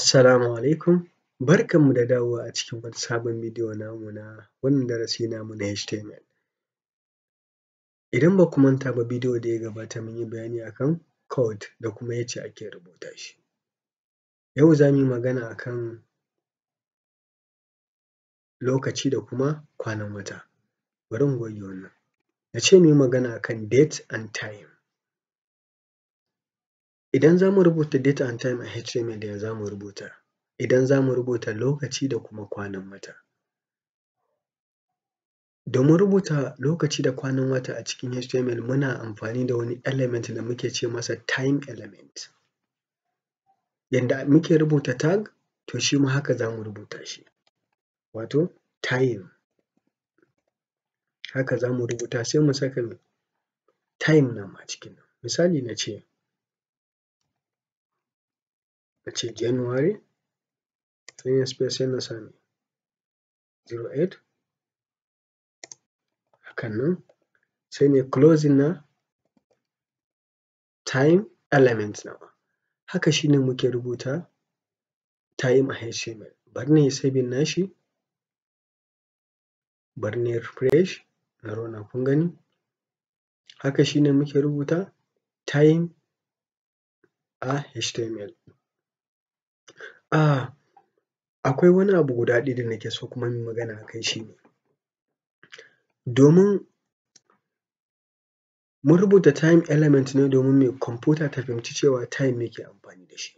Assalamu alaikum, barkanmu da dawowa a cikin wani sabon bidiyo namu na wannan darasi namu na HTML. Idan ba ku manta ba bidiyo da ya gabata mun yi bayani akan kan code da kuma yacce ake rubuta shi. Yau za mu yi magana a kan lokaci da kuma kwanan wata. Bari in goge wannan, na ce mu yi magana a kan date and time. Idan za mu rubuta date and time a HTML ya za mu rubuta? Idan za mu rubuta lokaci da kuma kwanan wata. Domin rubuta lokaci da kwanan wata a cikin HTML muna amfani da wani element da muke ce masa time element. Yanda muke rubuta tag, to shi ma haka za mu rubuta shi, wato time. Haka za mu rubuta sai mu saka time nan a cikin. Misali na ce a ce January zan yi spacing na sami 08 hakan nan sai ne closing na time element nawa haka shi ne muke rubuta time a HTML bari na yi saving nashi bari na refresh na rona kun gani haka shi ne muke rubuta time a HTML. Ah, akwai wani abu guda ɗaya da nake so kuma muyi magana a shi ne, domin mun rubuta time element ne domin me computer ta fahimci cewa time muke amfani da shi.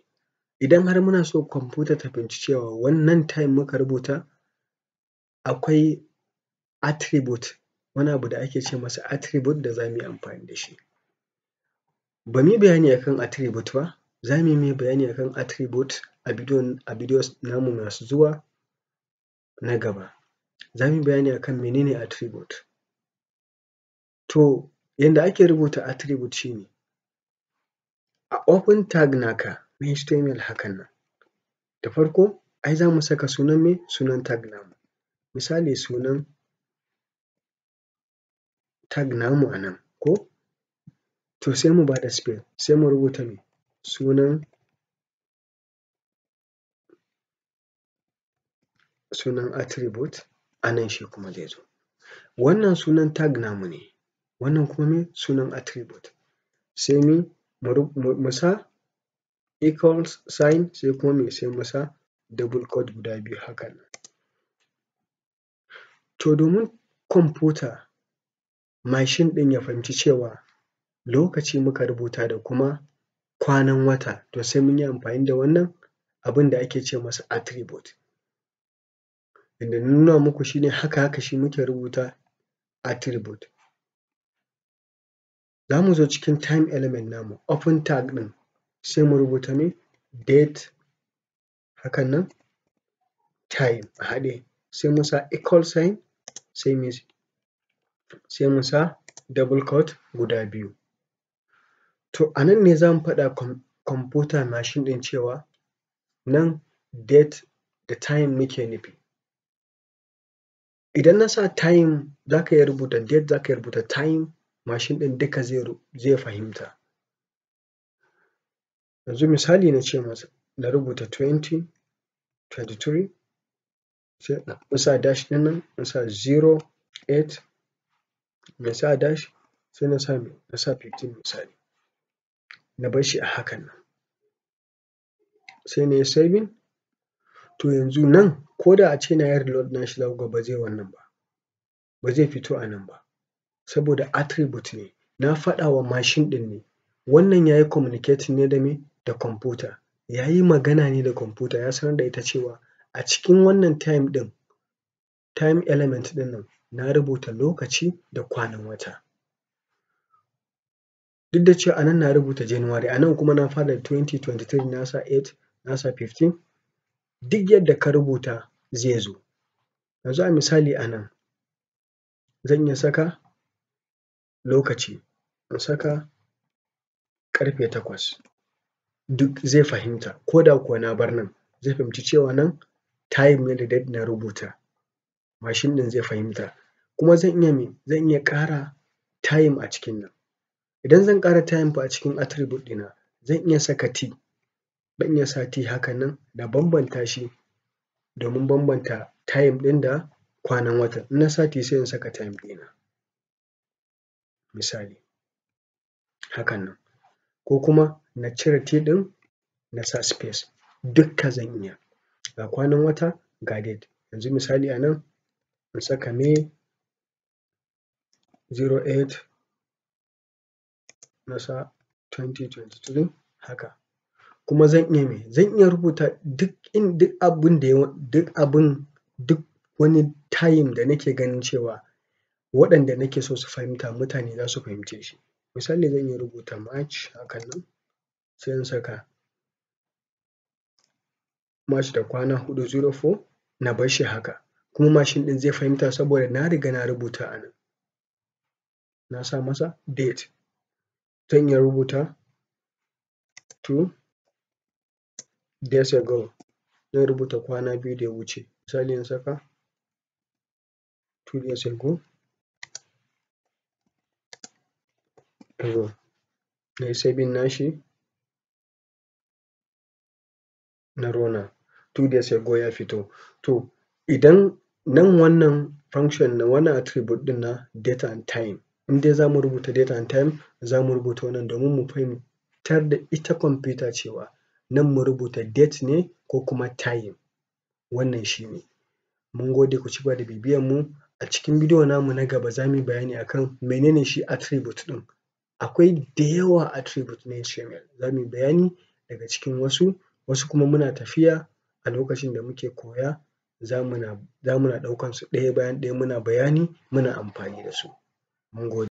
Idan har muna so computer ta fahimci cewa wannan time muka rubuta, akwai attribute, wani abu da ake ce masa attribute da za mu yi amfani da shi. Ba bayani akan kan attribute ba, za mu yi bayani a kan attribute a bidiyo namu masu zuwa na gaba. Za mu yi bayani a kan mene ne attribute. To yanda ake rubuta attribute shi ne, a open tag naka na HTML hakan nan, da farko ai za mu saka sunan me, sunan tag namu. Misali sunan tag namu a nan ko, to sai mu ba da space, sai mu rubuta me, sunan sunan attribute a nan shi kuma zai zo wannan sunan tag namu ne wannan kuma me sunan attribute sai me mu sa equals sign sai kuma me sai mu sa double quote guda biyu hakan nan to domin kwamfuta mashin ɗin ya fahimci cewa lokaci muka rubuta da kuma kwanan wata to sai mun yi amfani da wannan abin da ake ce masa attribute yanda na nuna muku shi ne haka haka shi muke rubuta attribute za mu zo cikin time element namu open tag ɗin sai mu rubuta me date hakan nan time a haɗe sai mu sa equal sign sai mu sai mu sa double quote guda biyu to a nan ne zamu mu faɗa computer machine ɗin cewa nan date da time muke nufi Idan na sa time za ka iya rubuta date za ka iya rubuta time mashin ɗin duka zai fahimta. Yanzu misali na ce masa na rubuta twenty, twenty three, sai in sa dash ɗin nan in sa zero, eight, na sa dash sai na sa me, na sa fifteen misali, na bar shi a hakan nan. Sai na yi saving To yanzu nan ko da a ce na yi reload na shi za ga ba zai wannan ba, ba zai fito a nan ba, saboda attribute ne, na faɗa wa mashin ɗin ne. Wannan ya yi communicating ne da me? Da kwamfuta, ya yi magana ne da kwamfuta, ya sanar da ita cewa a cikin wannan time ɗin, time element ɗin nan, na rubuta lokaci da kwanan wata. Duk da cewa a nan na rubuta January, a nan kuma na fara da twenty, twenty na sa eight, na sa fifteen. duk yadda ka rubuta zai zo. Yanzu a misali a nan zan iya saka lokaci, in saka ƙarfe takwas duk zai fahimta ko da kuwa na bar nan zai fahimci cewa nan time ne da date na rubuta mashin ɗin zai fahimta. Kuma zan iya me, zan iya ƙara time a cikin nan, idan zan ƙara time fa a cikin attribute ɗina zan iya saka T. Zan iya sati hakanan na bambanta shi domin bambanta time ɗin da kwanan watan. In na sa sai in saka time ɗina misali hakan nan. Ko kuma na cire T ɗin na sa space dukka zan iya. Ga kwanan wata ga date. Yanzu misali a nan in saka May zero eight na sa twenty twenty three haka. kuma zan iya me zan iya rubuta duk in duk abun da ya duk abun duk wani time da nake ganin cewa waɗanda nake so su fahimta mutane za su fahimce shi misali zan iya rubuta march hakan nan sai in saka march da kwana huɗu zero four na bar shi haka kuma machine ɗin zai fahimta saboda na riga na rubuta a nan na sa masa date zan iya rubuta two Days ago zan rubuta kwana biyu da ya wuce, misali in saka two days ago na yi saving nashi na rona two days ago ya fito. To, idan nan wannan function na wannan attribute ɗin na date and time in dai za mu rubuta date and time za mu rubuta wannan domin mu fahimtar da ita computer cewa nan mu rubuta date ne ko kuma time wannan shi ne mun gode ku cigaba da bibiyan mu a cikin bidiyo namu na gaba za mu yi bayani akan mene ne shi attribute ɗin akwai da yawa attribute na HTML za mu yi bayani daga cikin wasu wasu kuma muna tafiya a lokacin da muke koya za za muna ɗaukan su ɗaya bayan ɗaya muna bayani muna amfani da su mun gode.